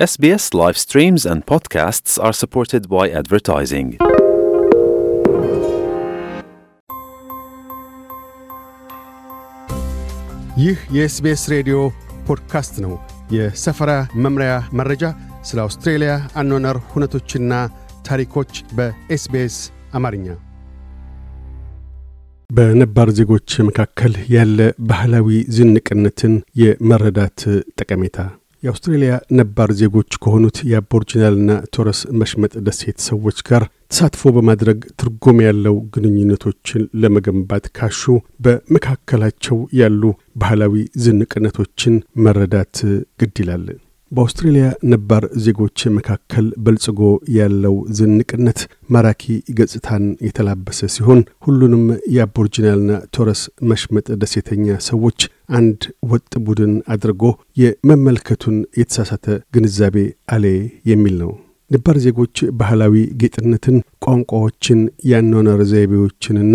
SBS live streams and podcasts are supported by advertising. ይህ የኤስቢኤስ ሬዲዮ ፖድካስት ነው። የሰፈራ መምሪያ መረጃ፣ ስለ አውስትሬልያ አኗነር ሁነቶችና ታሪኮች በኤስቢኤስ አማርኛ በነባር ዜጎች መካከል ያለ ባህላዊ ዝንቅነትን የመረዳት ጠቀሜታ የአውስትሬልያ ነባር ዜጎች ከሆኑት የአቦርጂናልና ቶረስ መሽመጥ ደሴት ሰዎች ጋር ተሳትፎ በማድረግ ትርጉም ያለው ግንኙነቶችን ለመገንባት ካሹ በመካከላቸው ያሉ ባህላዊ ዝንቅነቶችን መረዳት ግድ ይላል። በአውስትሬልያ ነባር ዜጎች መካከል በልጽጎ ያለው ዝንቅነት ማራኪ ገጽታን የተላበሰ ሲሆን ሁሉንም የአቦርጅናልና ቶረስ መሽመጥ ደሴተኛ ሰዎች አንድ ወጥ ቡድን አድርጎ የመመልከቱን የተሳሳተ ግንዛቤ አሌ የሚል ነው። ነባር ዜጎች ባህላዊ ጌጥነትን፣ ቋንቋዎችን፣ የአኗነር ዘይቤዎችንና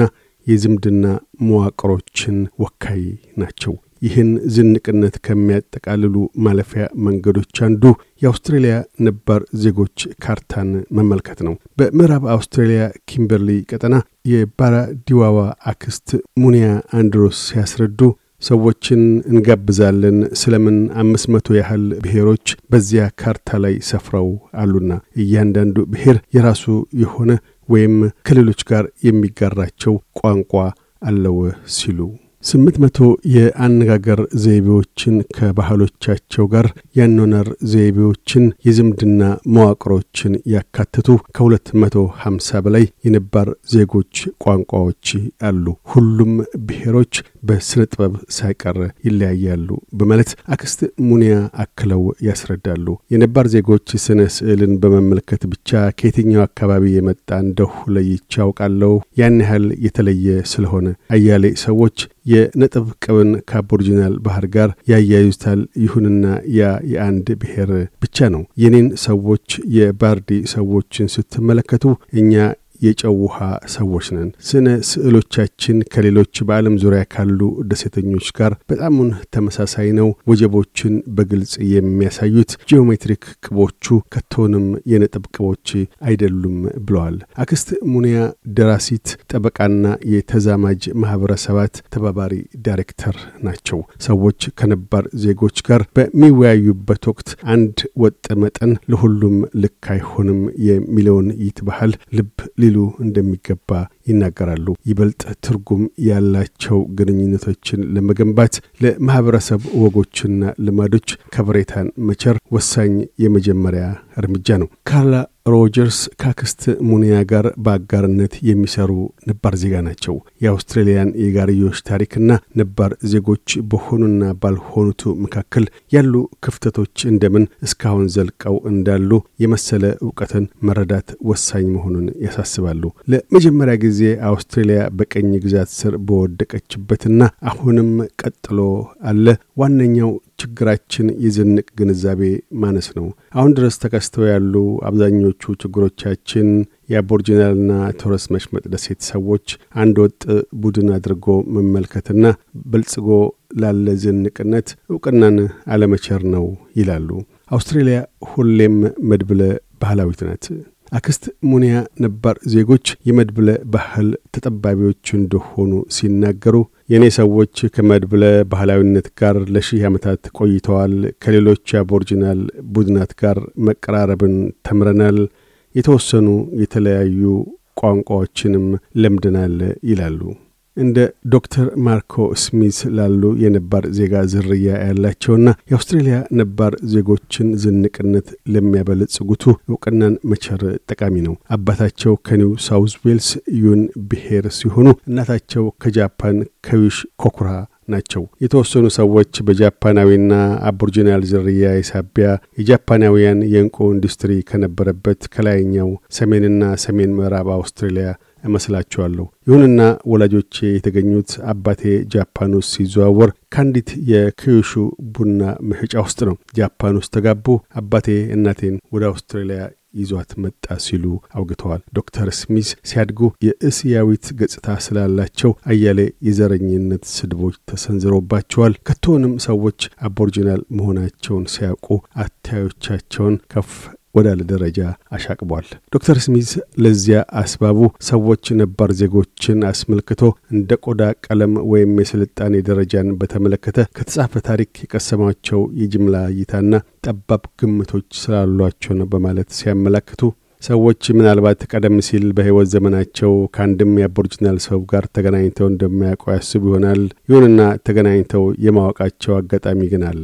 የዝምድና መዋቅሮችን ወካይ ናቸው። ይህን ዝንቅነት ከሚያጠቃልሉ ማለፊያ መንገዶች አንዱ የአውስትሬልያ ነባር ዜጎች ካርታን መመልከት ነው። በምዕራብ አውስትሬልያ ኪምበርሊ ቀጠና የባራ ዲዋዋ አክስት ሙኒያ አንድሮስ ሲያስረዱ ሰዎችን እንጋብዛለን ስለምን አምስት መቶ ያህል ብሔሮች በዚያ ካርታ ላይ ሰፍረው አሉና እያንዳንዱ ብሔር የራሱ የሆነ ወይም ከሌሎች ጋር የሚጋራቸው ቋንቋ አለው ሲሉ ስምንት መቶ የአነጋገር ዘይቤዎችን ከባህሎቻቸው ጋር የአኗኗር ዘይቤዎችን የዝምድና መዋቅሮችን ያካተቱ ከሁለት መቶ ሀምሳ በላይ የነባር ዜጎች ቋንቋዎች አሉ። ሁሉም ብሔሮች በስነ ጥበብ ሳይቀር ይለያያሉ በማለት አክስት ሙኒያ አክለው ያስረዳሉ። የነባር ዜጎች ስነ ስዕልን በመመልከት ብቻ ከየትኛው አካባቢ የመጣ እንደሁ ለይቼ አውቃለሁ። ያን ያህል የተለየ ስለሆነ አያሌ ሰዎች የነጥብ ቅብን ከአቦሪጂናል ባህር ጋር ያያዩታል። ይሁንና ያ የአንድ ብሔር ብቻ ነው። የኔን ሰዎች የባርዲ ሰዎችን ስትመለከቱ እኛ የጨው ውሃ ሰዎች ነን። ስነ ስዕሎቻችን ከሌሎች በዓለም ዙሪያ ካሉ ደሴተኞች ጋር በጣሙን ተመሳሳይ ነው። ወጀቦችን በግልጽ የሚያሳዩት ጂኦሜትሪክ ቅቦቹ ከቶንም የነጥብ ቅቦች አይደሉም ብለዋል። አክስት ሙኒያ ደራሲት፣ ጠበቃና የተዛማጅ ማህበረሰባት ተባባሪ ዳይሬክተር ናቸው። ሰዎች ከነባር ዜጎች ጋር በሚወያዩበት ወቅት አንድ ወጥ መጠን ለሁሉም ልክ አይሆንም የሚለውን ባህል ልብ ሊሉ ሊሉ እንደሚገባ ይናገራሉ። ይበልጥ ትርጉም ያላቸው ግንኙነቶችን ለመገንባት ለማህበረሰብ ወጎችና ልማዶች ከበሬታን መቸር ወሳኝ የመጀመሪያ እርምጃ ነው። ካርላ ሮጀርስ ካክስት ሙኒያ ጋር በአጋርነት የሚሰሩ ነባር ዜጋ ናቸው። የአውስትሬልያን የጋርዮሽ ታሪክና ነባር ዜጎች በሆኑና ባልሆኑቱ መካከል ያሉ ክፍተቶች እንደምን እስካሁን ዘልቀው እንዳሉ የመሰለ እውቀትን መረዳት ወሳኝ መሆኑን ያሳስባሉ። ለመጀመሪያ ጊዜ አውስትሬልያ በቀኝ ግዛት ስር በወደቀችበትና አሁንም ቀጥሎ አለ ዋነኛው ችግራችን የዝንቅ ግንዛቤ ማነስ ነው። አሁን ድረስ ተከስተው ያሉ አብዛኞቹ ችግሮቻችን የአቦርጂናልና ቶረስ መሽመጥ ደሴት ሰዎች አንድ ወጥ ቡድን አድርጎ መመልከትና በልጽጎ ላለ ዝንቅነት እውቅናን አለመቸር ነው ይላሉ። አውስትሬልያ ሁሌም መድብለ ባህላዊት ናት። አክስት ሙኒያ ነባር ዜጎች የመድብለ ባህል ተጠባቢዎች እንደሆኑ ሲናገሩ የእኔ ሰዎች ከመድብለ ባህላዊነት ጋር ለሺህ ዓመታት ቆይተዋል። ከሌሎች አቦርጅናል ቡድናት ጋር መቀራረብን ተምረናል። የተወሰኑ የተለያዩ ቋንቋዎችንም ለምደናል ይላሉ። እንደ ዶክተር ማርኮ ስሚዝ ላሉ የነባር ዜጋ ዝርያ ያላቸውና የአውስትሬልያ ነባር ዜጎችን ዝንቅነት ለሚያበለጽጉቱ እውቅናን መቸር ጠቃሚ ነው። አባታቸው ከኒው ሳውዝ ዌልስ ዩን ብሔር ሲሆኑ እናታቸው ከጃፓን ከዊሽ ኮኩራ ናቸው። የተወሰኑ ሰዎች በጃፓናዊና አቦርጂናል ዝርያ የሳቢያ የጃፓናውያን የእንቁ ኢንዱስትሪ ከነበረበት ከላይኛው ሰሜንና ሰሜን ምዕራብ አውስትሬልያ እመስላቸዋለሁ። ይሁንና ወላጆቼ የተገኙት አባቴ ጃፓን ውስጥ ሲዘዋወር ከአንዲት የክዩሹ ቡና መሸጫ ውስጥ ነው። ጃፓን ውስጥ ተጋቡ። አባቴ እናቴን ወደ አውስትራሊያ ይዟት መጣ ሲሉ አውግተዋል። ዶክተር ስሚዝ ሲያድጉ የእስያዊት ገጽታ ስላላቸው አያሌ የዘረኝነት ስድቦች ተሰንዝሮባቸዋል። ከቶንም ሰዎች አቦርጂናል መሆናቸውን ሲያውቁ አታዮቻቸውን ከፍ ወዳለ ደረጃ አሻቅቧል። ዶክተር ስሚዝ ለዚያ አስባቡ ሰዎች ነባር ዜጎችን አስመልክቶ እንደ ቆዳ ቀለም ወይም የስልጣኔ ደረጃን በተመለከተ ከተጻፈ ታሪክ የቀሰማቸው የጅምላ እይታና ጠባብ ግምቶች ስላሏቸው ነው በማለት ሲያመላክቱ ሰዎች ምናልባት ቀደም ሲል በሕይወት ዘመናቸው ከአንድም የአቦርጅናል ሰው ጋር ተገናኝተው እንደማያውቁ ያስቡ ይሆናል። ይሁንና ተገናኝተው የማወቃቸው አጋጣሚ ግን አለ።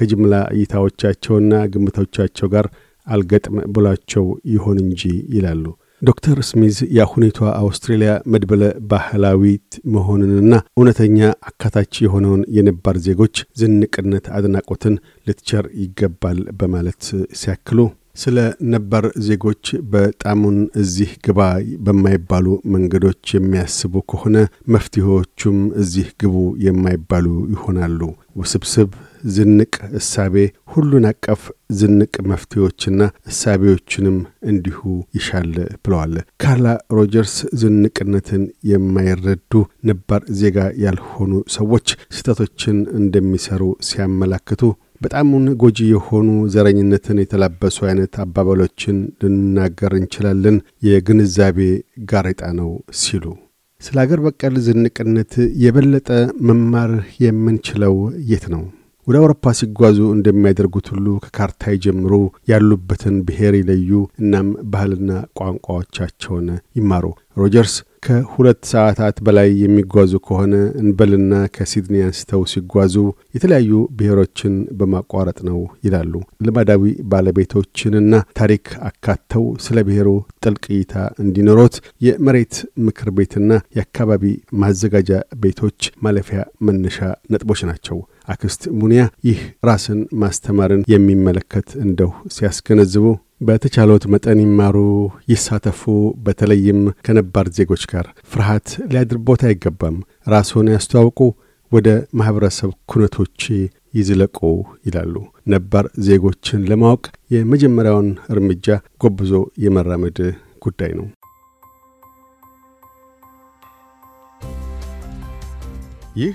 ከጅምላ እይታዎቻቸውና ግምቶቻቸው ጋር አልገጥም ብሏቸው ይሆን እንጂ ይላሉ። ዶክተር ስሚዝ የአሁኔቷ አውስትሬልያ መድበለ ባህላዊት መሆንንና እውነተኛ አካታች የሆነውን የነባር ዜጎች ዝንቅነት አድናቆትን ልትቸር ይገባል በማለት ሲያክሉ ስለ ነባር ዜጎች በጣሙን እዚህ ግባ በማይባሉ መንገዶች የሚያስቡ ከሆነ መፍትሄዎቹም እዚህ ግቡ የማይባሉ ይሆናሉ። ውስብስብ ዝንቅ እሳቤ፣ ሁሉን አቀፍ ዝንቅ መፍትሄዎችና እሳቤዎችንም እንዲሁ ይሻል ብለዋል። ካርላ ሮጀርስ ዝንቅነትን የማይረዱ ነባር ዜጋ ያልሆኑ ሰዎች ስህተቶችን እንደሚሰሩ ሲያመላክቱ በጣም ጎጂ የሆኑ ዘረኝነትን የተላበሱ አይነት አባባሎችን ልንናገር እንችላለን። የግንዛቤ ጋሬጣ ነው ሲሉ ስለ አገር በቀል ዝንቅነት የበለጠ መማር የምንችለው የት ነው? ወደ አውሮፓ ሲጓዙ እንደሚያደርጉት ሁሉ ከካርታ ጀምሮ ያሉበትን ብሔር ይለዩ፣ እናም ባህልና ቋንቋዎቻቸውን ይማሩ። ሮጀርስ ከሁለት ሰዓታት በላይ የሚጓዙ ከሆነ እንበልና ከሲድኒ አንስተው ሲጓዙ የተለያዩ ብሔሮችን በማቋረጥ ነው ይላሉ። ልማዳዊ ባለቤቶችንና ታሪክ አካተው ስለ ብሔሩ ጥልቅ እይታ እንዲኖሮት የመሬት ምክር ቤትና የአካባቢ ማዘጋጃ ቤቶች ማለፊያ መነሻ ነጥቦች ናቸው። አክስት ሙኒያ ይህ ራስን ማስተማርን የሚመለከት እንደው ሲያስገነዝቡ በተቻሎት መጠን ይማሩ፣ ይሳተፉ። በተለይም ከነባር ዜጎች ጋር ፍርሃት ሊያድርቦት አይገባም። ራስዎን ያስተዋውቁ፣ ወደ ማኅበረሰብ ኩነቶች ይዝለቁ ይላሉ። ነባር ዜጎችን ለማወቅ የመጀመሪያውን እርምጃ ጎብዞ የመራመድ ጉዳይ ነው። ይህ